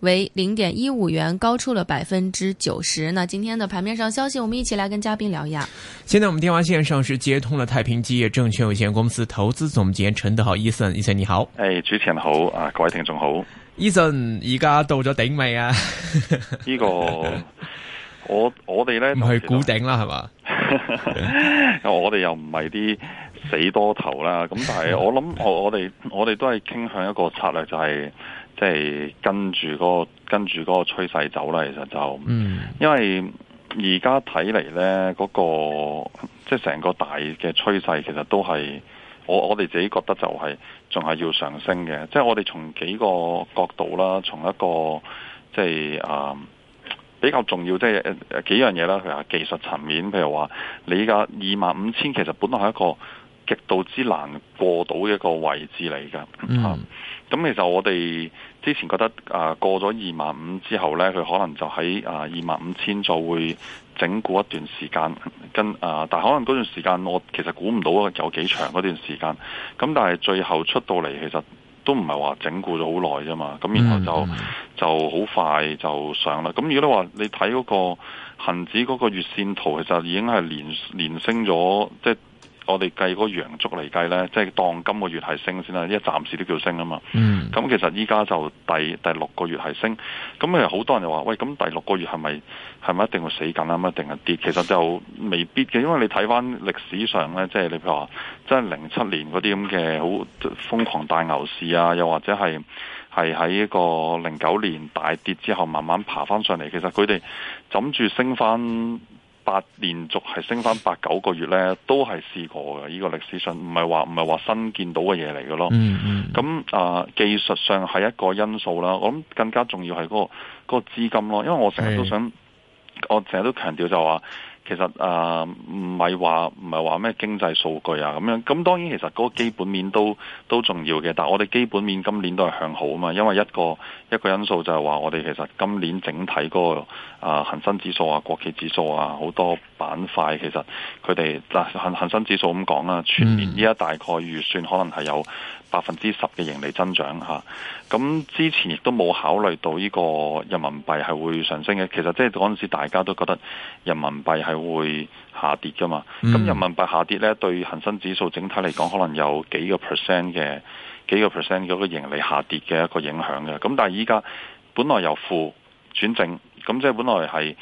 為零點一五元，高出了百分之九十。那今天的盤面上消息，我們一起來跟嘉賓聊一下。現在我們電話線上是接通了太平基業證券有限公司投資總監陳德豪。伊森，伊森你好。哎，hey, 主持人好啊，各位聽眾好。伊森，而家到咗頂未啊？呢、 這個，我我哋咧唔係估頂啦，係嘛？我哋 又唔係啲死多頭啦。咁 但係我諗，我我哋我哋都係傾向一個策略，就係、是。即係跟住嗰個跟住嗰個趨勢走啦，其實就，因為而家睇嚟咧，嗰個即係成個大嘅趨勢，其實都係我我哋自己覺得就係仲係要上升嘅。即係我哋從幾個角度啦，從一個即係啊比較重要即係幾樣嘢啦，譬如話技術層面，譬如話你而家二萬五千，其實本來係一個。極度之難過到一個位置嚟㗎，咁、嗯啊、其實我哋之前覺得啊過咗二萬五之後呢，佢可能就喺啊二萬五千就會整固一段時間，跟啊但係可能嗰段時間我其實估唔到有幾長嗰段時間，咁但係最後出到嚟其實都唔係話整固咗好耐啫嘛，咁然後就、嗯、就好快就上啦。咁如果你話你睇嗰個恆指嗰個月線圖，其實已經係連連升咗即係。我哋計嗰個陽燭嚟計呢，即係當今個月係升先啦，因為暫時都叫升啊嘛。咁其實依家就第第六個月係升，咁啊好多人就話，喂，咁第六個月係咪係咪一定會死緊啊？一定係跌。其實就未必嘅，因為你睇翻歷史上呢，即係你譬如話，即係零七年嗰啲咁嘅好瘋狂大牛市啊，又或者係係喺一個零九年大跌之後慢慢爬翻上嚟，其實佢哋枕住升翻。八連續係升翻八九個月咧，都係試過嘅。依個歷史上唔係話，唔係話新見到嘅嘢嚟嘅咯。咁啊、mm hmm. 呃，技術上係一個因素啦。我諗更加重要係嗰個嗰個資金咯。因為我成日都想，mm hmm. 我成日都強調就話。其實啊，唔係話唔係話咩經濟數據啊咁樣。咁當然其實嗰個基本面都都重要嘅，但係我哋基本面今年都係向好啊嘛。因為一個一個因素就係話我哋其實今年整體嗰、嗰個啊、呃、恒生指數啊、國企指數啊，好多板塊其實佢哋、啊、恒恆恆生指數咁講啊，全年依家大概預算可能係有。百分之十嘅盈利增長吓，咁之前亦都冇考慮到呢個人民幣係會上升嘅。其實即係嗰陣時大家都覺得人民幣係會下跌噶嘛。咁人民幣下跌咧，對恒生指數整體嚟講可能有幾個 percent 嘅幾個 percent 嗰個盈利下跌嘅一個影響嘅。咁但係依家本來由負轉正，咁即係本來係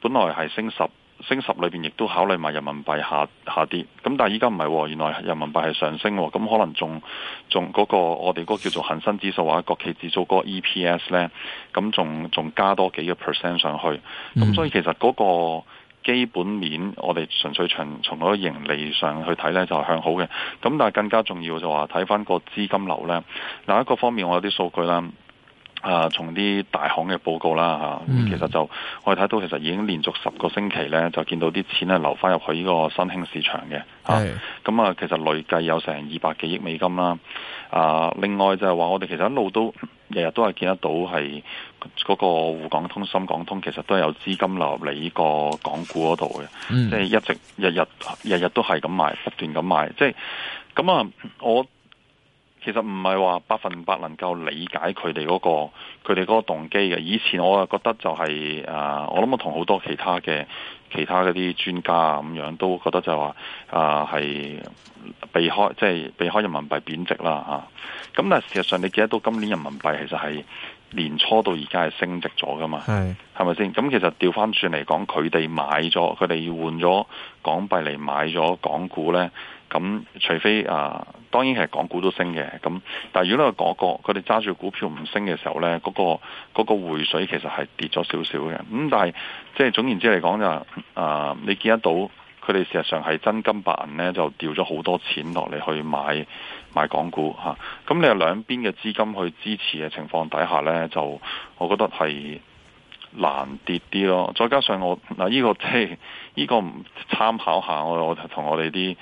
本來係升十。升十裏邊亦都考慮埋人民幣下下跌，咁但係依家唔係，原來人民幣係上升，咁可能仲仲嗰個我哋嗰叫做恒生指數或者國企指數嗰個 EPS 咧，咁仲仲加多幾個 percent 上去，咁、嗯、所以其實嗰個基本面我哋純粹從從嗰個盈利上去睇咧就係、是、向好嘅，咁但係更加重要就話睇翻個資金流咧，嗱一個方面我有啲數據啦。啊，從啲大行嘅報告啦、啊嗯、其實就我哋睇到其實已經連續十個星期咧，就見到啲錢啊流翻入去呢個新興市場嘅咁是的 啊，啊，其實累計有成二百幾億美金啦。啊，另外就係話我哋其實一路都日日都係見得到係嗰、那個滬港通、深港通其實都有資金流入嚟呢個港股嗰度嘅，嗯、即係一直日日日日都係咁賣，不斷咁賣，即係咁啊，我。其實唔係話百分百能夠理解佢哋嗰個佢哋嗰個動機嘅。以前我啊覺得就係、是、啊、呃，我諗我同好多其他嘅其他嗰啲專家啊咁樣都覺得就話啊，係、呃、避開即係、就是、避開人民幣貶值啦嚇。咁、啊、但係事實上你記得到今年人民幣其實係年初到而家係升值咗噶嘛？係係咪先？咁、嗯、其實調翻轉嚟講，佢哋買咗佢哋換咗港幣嚟買咗港股咧。咁除非啊，當然係港股都升嘅。咁但係如果你嗰個佢哋揸住股票唔升嘅時候咧，嗰、嗰個嗰、嗰個回水其實係跌咗少少嘅。咁、嗯、但係即係總言之嚟講、就是，就啊，你見得到佢哋事實上係真金白銀咧，就掉咗好多錢落嚟去買買港股吓。咁、啊、你有兩邊嘅資金去支持嘅情況底下咧，就我覺得係難跌啲咯。再加上我嗱，呢、啊這個即係呢個唔參考下我我同我哋啲。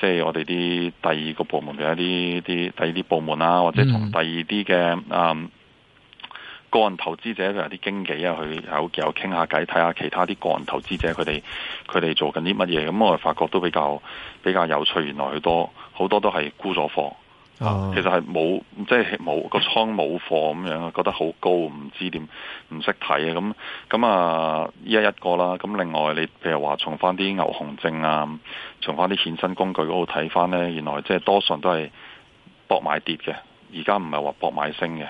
即係我哋啲第二個部門嘅一啲啲第二啲部門啊，或者同第二啲嘅嗯,嗯個人投資者嘅一啲經紀啊，去有有傾下偈，睇下其他啲個人投資者佢哋佢哋做緊啲乜嘢，咁、嗯、我發覺都比較比較有趣。原來好多好多都係沽咗貨。啊，其實係冇即係冇個倉冇貨咁樣，覺得好高，唔知點唔識睇啊！咁咁啊，依一個啦。咁另外你譬如話從翻啲牛熊證啊，從翻啲衍生工具嗰度睇翻呢，原來即係多數都係博買跌嘅，而家唔係話博買升嘅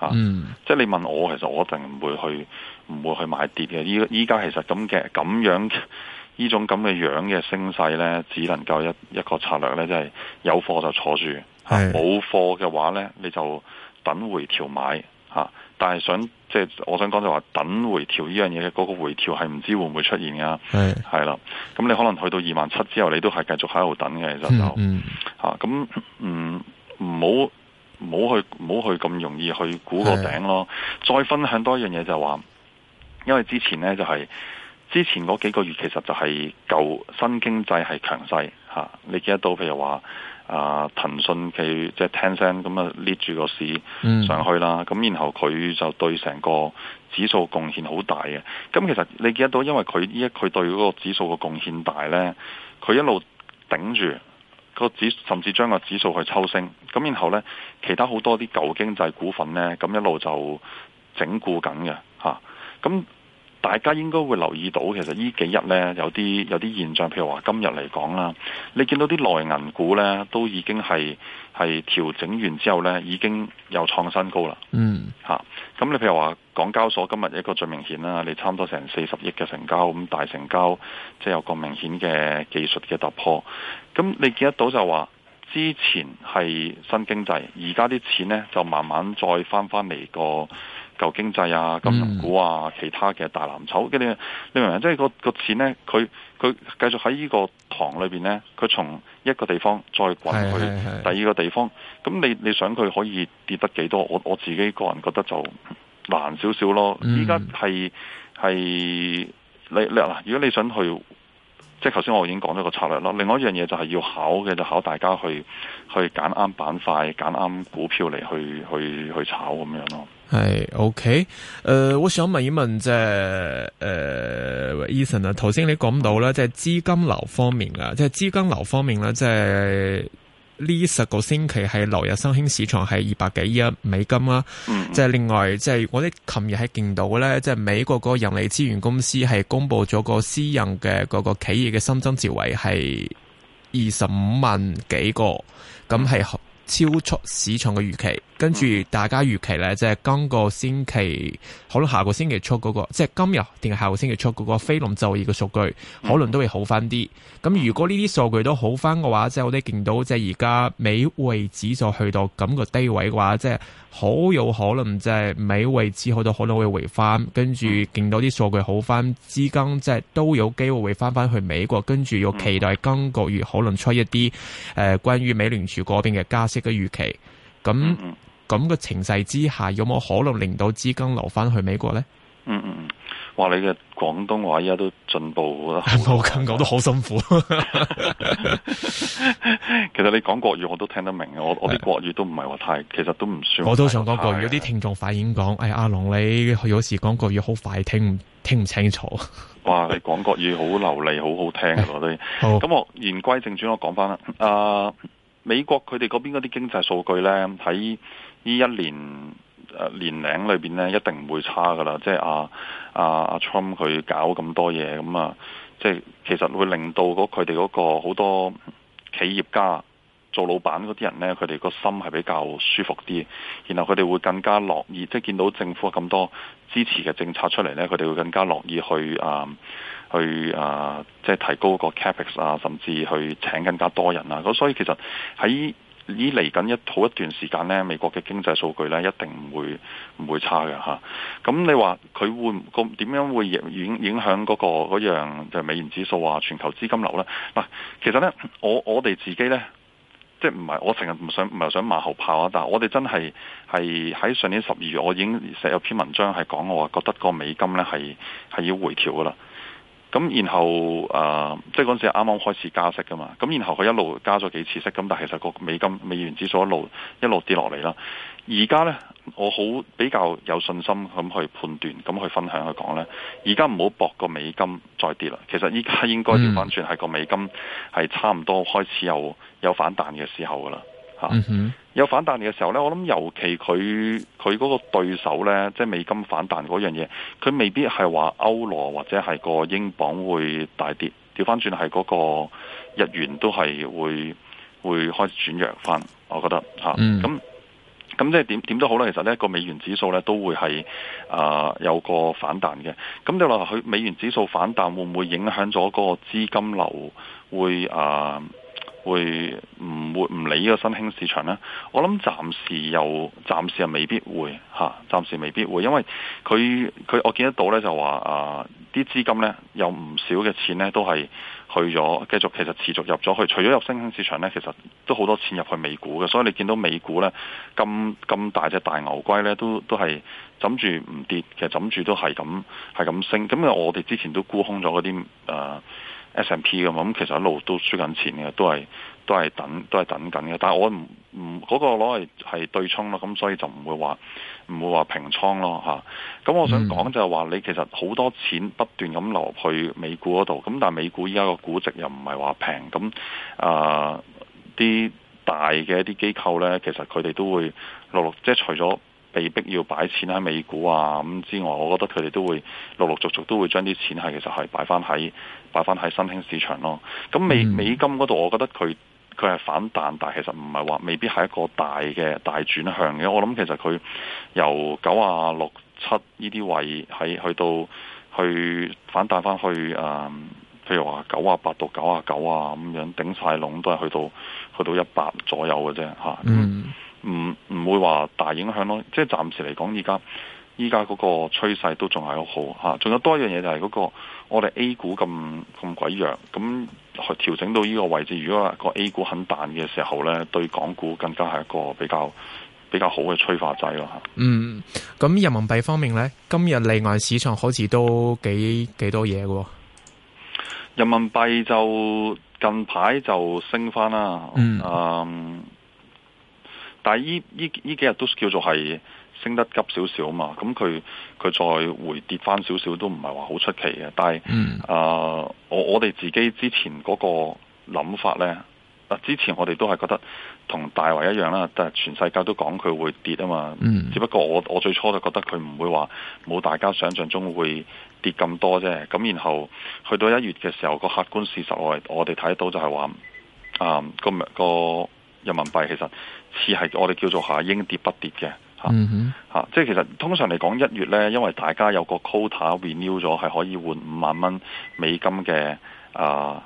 吓，嗯啊。即係你問我，其實我一定唔會去唔會去買跌嘅。依依家其實咁嘅咁樣，依種咁嘅樣嘅升勢呢，只能夠一一個策略呢，即係有貨就坐住。冇貨嘅話呢，你就等回調買吓、啊。但係想即係，我想講就話、是、等回調呢樣嘢，嗰、那個回調係唔知會唔會出現㗎。係係啦，咁你可能去到二萬七之後，你都係繼續喺度等嘅，就就吓咁。嗯，唔好唔好去唔好去咁容易去估個頂咯。是的 再分享多一樣嘢就話、是，因為之前呢、就是，就係之前嗰幾個月其實就係舊新經濟係強勢吓。你記得到譬如話。啊！騰訊佢即係 Tencent 咁啊，捏住個市上去啦。咁、嗯、然後佢就對成個指數貢獻好大嘅。咁其實你見得到，因為佢呢一佢對嗰個指數嘅貢獻大咧，佢一路頂住個指，甚至將個指數去抽升。咁然後咧，其他好多啲舊經濟股份咧，咁一路就整固緊嘅咁。大家應該會留意到，其實呢幾日呢，有啲有啲現象，譬如話今日嚟講啦，你見到啲內銀股呢，都已經係係調整完之後呢，已經有創新高啦。嗯，咁、啊、你譬如話港交所今日一個最明顯啦，你差唔多成四十億嘅成交，咁大成交即係有個明顯嘅技術嘅突破。咁你見得到就話之前係新經濟，而家啲錢呢，就慢慢再翻翻嚟個。舊經濟啊，金融股啊，其他嘅大藍籌，咁你、嗯、你明唔明？即係個個錢咧，佢佢繼續喺呢個堂裏邊咧，佢從一個地方再滾去第二個地方，咁是你你想佢可以跌得幾多？我我自己個人覺得就難少少咯。依家係係你你嗱，如果你想去，即係頭先我已經講咗個策略咯。另外一樣嘢就係要考嘅就考大家去去揀啱板塊、揀啱股票嚟，去去去炒咁樣咯。係 OK，誒、呃，我想問一問即係誒，Eason 啊，頭、呃、先、e、你講到咧，即係資金流方面啦，即係資金流方面咧，即係呢十個星期係流入新興市場係二百幾億美金啦。即係、嗯、另外，即係我哋琴日喺見到咧，即係美國個人力資源公司係公佈咗個私人嘅嗰個企業嘅新增職位係二十五萬幾個，咁係、嗯。那是超出市場嘅預期，跟住大家預期咧，即係今個星期，可能下個星期出嗰、那個，即、就、係、是、今日定係下個星期出嗰、那個非農就業嘅數據可能都會好翻啲。咁如果呢啲數據都好翻嘅話，即係我哋見到即係而家美匯指數去到咁個低位嘅話，即係好有可能即係美匯指數都可能會回翻。跟住見到啲數據好翻，資金即係都有機會會翻翻去美國，跟住要期待今個月可能出一啲誒、呃、關於美聯儲嗰邊嘅加息。嘅預期，咁咁嘅情勢之下，有冇可能令到資金流翻去美國咧？嗯嗯嗯，話你嘅廣東話而家都進步，我感講得好、啊、辛苦。 其實你講國語我都聽得明，我我啲國語都唔係話太，啊、其實都唔算不。我都想講國語，有啲聽眾反映講，哎，阿龍你有時講國語好快，聽唔聽唔清楚。哇，你講國語好流利，好 好聽嘅、啊，我咁我言歸正傳，我講翻啦，啊。美國佢哋嗰邊嗰啲經濟數據咧，喺呢一年誒年零裏邊咧，一定唔會差㗎喇。即係阿阿阿 Trump 佢搞咁多嘢，咁啊，即係其實會令到佢哋嗰個好多企業家。做老闆嗰啲人呢，佢哋個心係比較舒服啲，然後佢哋會更加樂意，即係見到政府咁多支持嘅政策出嚟呢，佢哋會更加樂意去啊，去啊，即係提高個 capex 啊，甚至去請更加多人啊。咁所以其實喺呢嚟緊一好一段時間呢，美國嘅經濟數據呢，一定唔會唔會差嘅吓。咁你話佢會個點樣會影影響嗰個嗰樣就係美元指數啊，全球資金流呢？嗱，其實呢，我我哋自己呢。即係唔係我成日唔想唔係想馬後炮啊。但係我哋真係係喺上年十二月，我已經寫咗篇文章係講，我話覺得個美金呢係係要回調噶啦。咁然後誒、呃，即係嗰陣時啱啱開始加息噶嘛。咁然後佢一路加咗幾次息，咁但係其實個美金美元指數一路一路跌落嚟啦。而家呢，我好比較有信心咁去判斷，咁去分享去講呢，而家唔好博個美金再跌啦。其實依家應該調翻、嗯、轉係個美金係差唔多開始有有反彈嘅時候噶啦、啊嗯、哼有反彈嘅時候呢，我諗尤其佢佢嗰個對手呢，即係美金反彈嗰樣嘢，佢未必係話歐羅或者係個英鎊會大跌，調翻轉係嗰個日元都係會會開始轉弱翻。我覺得咁。啊嗯嗯咁即係點點都好啦，其實呢個美元指數呢都會係啊、呃、有個反彈嘅。咁你話佢美元指數反彈會唔會影響咗嗰個資金流會啊、呃、會唔會唔理呢個新興市場呢？我諗暫時又暫時又未必會嚇、啊，暫時未必會，因為佢佢我見得到呢，就話啊啲資金呢，有唔少嘅錢呢都係。去咗，繼續其實持續入咗去，除咗入新興市場呢，其實都好多錢入去美股嘅，所以你見到美股呢，咁咁大隻大牛龜呢，都都係諗住唔跌，其實諗住都係咁係咁升。咁我哋之前都沽空咗嗰啲誒。呃 S&P 㗎嘛，咁其實一路都輸緊錢嘅，都係都係等都係等緊嘅。但係我唔唔嗰個攞嚟係對沖啦，咁所以就唔會話唔會話平倉咯嚇。咁我想講就係話你其實好多錢不斷咁流去美股嗰度，咁但係美股依家個估值又唔係話平，咁啊啲大嘅一啲機構咧，其實佢哋都會落落，即係除咗。被逼要擺錢喺美股啊咁之外，我覺得佢哋都會陸陸續續都會將啲錢係其實係擺翻喺擺翻喺新興市場咯。咁美美金嗰度，我覺得佢佢係反彈，但係其實唔係話未必係一個大嘅大轉向嘅。我諗其實佢由九啊六七呢啲位係去到去反彈翻去啊，譬如話九啊八到九啊九啊咁樣頂曬籠，都係去到去到一百左右嘅啫吓，嗯唔唔會話大影響咯，即係暫時嚟講現在，依家依家嗰個趨勢都仲係好好吓，仲有多一樣嘢就係嗰個我哋 A 股咁咁鬼弱，咁去調整到呢個位置，如果話個 A 股很彈嘅時候呢，對港股更加係一個比較比較好嘅催化劑咯吓。嗯，咁人民幣方面呢，今日離岸市場好似都幾幾多嘢嘅。人民幣就近排就升翻啦，嗯。Um, 但係依呢幾日都叫做係升得急少少啊嘛，咁佢佢再回跌返少少都唔係話好出奇嘅。但係啊、嗯呃，我我哋自己之前嗰個諗法咧，之前我哋都係覺得同大維一樣啦，但係全世界都講佢會跌啊嘛。嗯、只不過我我最初就覺得佢唔會話冇大家想象中會跌咁多啫。咁然後去到一月嘅時候，個客觀事實我我哋睇到就係話啊，今、嗯、日個。個人民幣其實似係我哋叫做下應跌不跌嘅嚇嚇，即係、嗯哼啊、其實通常嚟講一月咧，因為大家有個 quota renew 咗係可以換五萬蚊美金嘅啊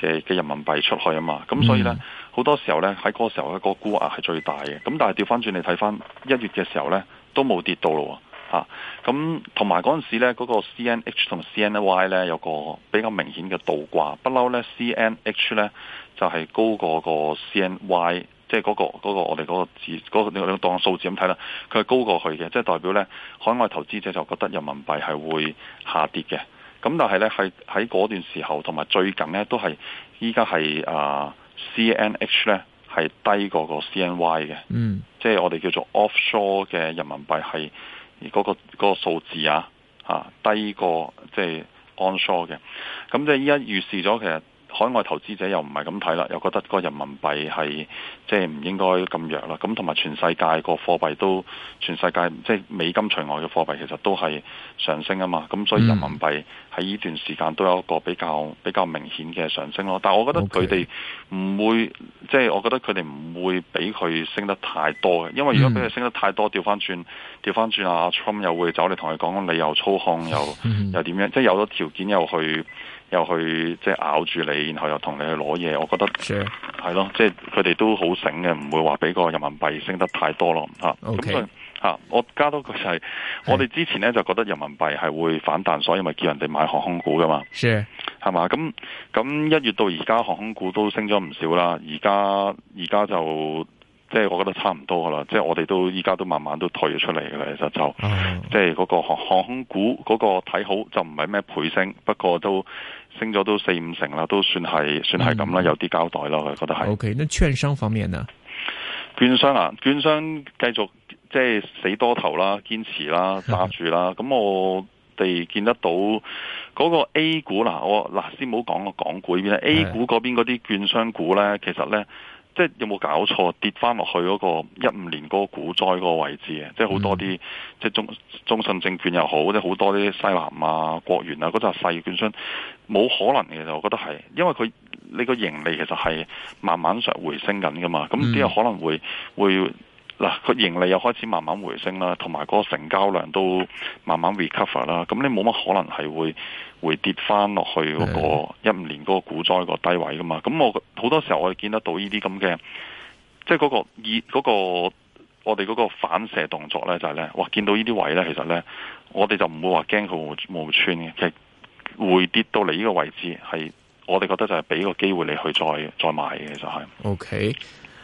嘅嘅人民幣出去啊嘛，咁所以咧好、嗯、哼多時候咧喺嗰個時候嗰個沽壓係最大嘅，咁但係調翻轉嚟睇翻一月嘅時候咧都冇跌到咯嚇，咁同埋嗰陣時咧嗰、嗰個 CNH 同埋 CNY 咧有個比較明顯嘅倒掛，不嬲咧 CNH 咧。就係高過個 CNY，即係嗰個我哋嗰、嗰個字，嗰兩兩當數字咁睇啦。佢係高過去嘅，即、就、係、係、代表咧海外投資者就覺得人民幣係會下跌嘅。咁但係咧，係喺嗰段時候同埋最近咧，都係依家係啊 CNH 咧係低過個 CNY 嘅。嗯，即係我哋叫做 offshore 嘅人民幣係而嗰個數字啊啊低過即係 onshore 嘅。咁即係依家預示咗其實。海外投資者又唔係咁睇啦，又覺得個人民幣係即係唔應該咁弱啦。咁同埋全世界個貨幣都，全世界即係美金除外嘅貨幣其實都係上升啊嘛。咁所以人民幣喺呢段時間都有一個比較比較明顯嘅上升咯。但係我覺得佢哋唔會，Okay. 即係我覺得佢哋唔會俾佢升得太多嘅，因為如果俾佢升得太多，調翻轉，調翻轉啊，阿 Trump 又會走嚟同佢講你又操控又 又點樣，即係有咗條件又去。又去即係咬住你，然後又同你去攞嘢，我覺得係咯，即係佢哋都好醒嘅，唔會話俾個人民幣升得太多咯吓。咁所吓，我加多句就係、是，我哋之前咧的就覺得人民幣係會反彈，所以咪叫人哋買航空股噶嘛。係嘛 Sure.，咁咁一月到而家航空股都升咗唔少啦。而家而家就。即係我覺得差唔多噶啦，即係我哋都依家都慢慢都退咗出嚟嘅啦。其實就、oh. 即係嗰個航空股嗰個睇好就唔係咩倍升，不過都升咗都四五成啦，都算係算係咁啦，oh. 有啲交代咯。我覺得係。O、okay. K，那券商方面呢？券商啊，券商繼續即係死多頭啦，堅持啦，揸住啦。咁、oh. 我哋見得到嗰個 A 股啦，我嗱先唔好講個港股邊、oh. A 股嗰邊嗰啲券商股呢，其實呢。即係有冇搞錯跌翻落去嗰個一五年嗰個股災嗰個位置啊？即係好多啲、嗯、即係中中信證券又好，即係好多啲西南啊、國元啊嗰啲細券商，冇可能嘅就我覺得係，因為佢你個盈利其實係慢慢上回升緊㗎嘛，咁都有可能會、嗯、會。嗱，佢盈利又開始慢慢回升啦，同埋嗰個成交量都慢慢 recover 啦。咁你冇乜可能係會回跌翻落去嗰個一五年嗰個股災個低位噶嘛？咁我好多時候我哋見得到呢啲咁嘅，即係、嗰個、嗰個二、嗰個嗰個、我哋嗰個反射動作咧，就係、係、咧，哇！見到呢啲位置呢啲位咧，其實咧，我哋就唔會話驚佢冇冇穿嘅，其實回跌到嚟呢個位置係我哋覺得就係俾個機會你去再再買嘅其實係。O K。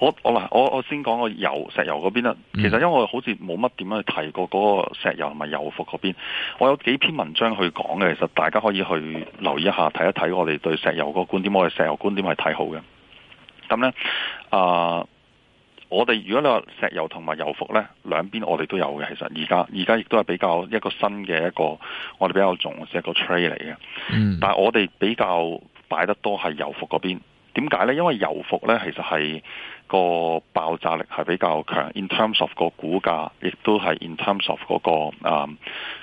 我我我我先講個油石油嗰邊啦。其實因為我好似冇乜點樣去提過嗰個石油同埋油服嗰邊。我有幾篇文章去講嘅，其實大家可以去留意一下，睇一睇我哋對石油嗰個觀點。我哋石油觀點係睇好嘅。咁咧啊，我哋如果你話石油同埋油服咧，兩邊我哋都有嘅。其實而家而家亦都係比較一個新嘅一個我哋比較重視一個 trade 嚟嘅。嗯，但係我哋比較擺得多係油服嗰邊。點解咧？因為油服咧，其實係個爆炸力係比較強，in terms of 個股價，亦都係 in terms of 嗰、那個啊，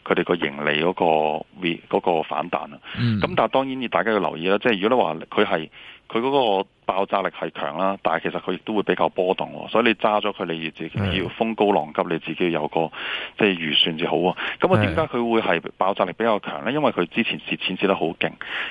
佢哋個盈利嗰、那個 v 嗰、那個反彈啊。咁、mm. 但係當然，你大家要留意啦，即、就、係、是、如果你話佢係。佢嗰個爆炸力係強啦，但係其實佢亦都會比較波動喎，所以你揸咗佢，你自己要風高浪急，你自己有個即係預算至好喎。咁啊，點解佢會係爆炸力比較強咧？因為佢之前蝕錢蝕得好勁，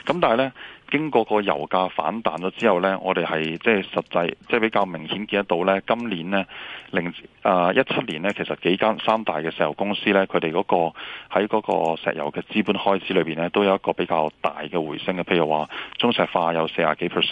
咁但係咧經過個油價反彈咗之後咧，我哋係即係實際即係比較明顯見得到咧，今年咧零誒一七年咧，其實幾間三大嘅石油公司咧，佢哋嗰個喺嗰個石油嘅資本開支裏邊咧，都有一個比較大嘅回升嘅，譬如話中石化有四啊幾 percent。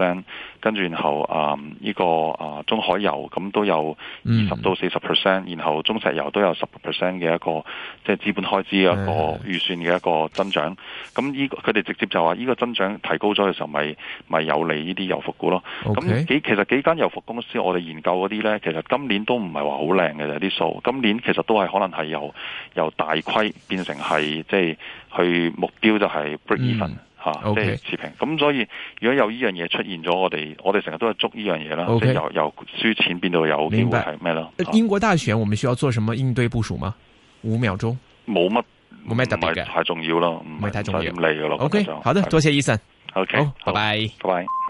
跟住然後、嗯這個、啊，呢個啊中海油咁都有二十到四十 percent，然後中石油都有十 percent 嘅一個即係資本開支嘅一個預算嘅一個增長。咁呢、嗯呢個佢哋直接就話呢、呢個增長提高咗嘅時候，咪咪有利呢啲油服股咯。咁、嗯、幾其實幾間油服公司我哋研究嗰啲咧，其實今年都唔係話好靚嘅啲數。今年其實都係可能係由由大虧變成係即係去目標就係 break even、嗯。吓、啊，即係持平。咁 Okay. 所以，如果有呢樣嘢出現咗，我哋我哋成日都係捉呢樣嘢啦。Okay. 即係由由輸錢變到有機會係咩咯？白好英國大選，我們需要做什麼應對部署嗎？五秒鐘，冇乜冇咩特別嘅，太重要咯，唔係太重要。嚟咯。O、okay, K，好的，多謝醫、e、生。O Okay , K，好，拜拜 bye。Bye bye。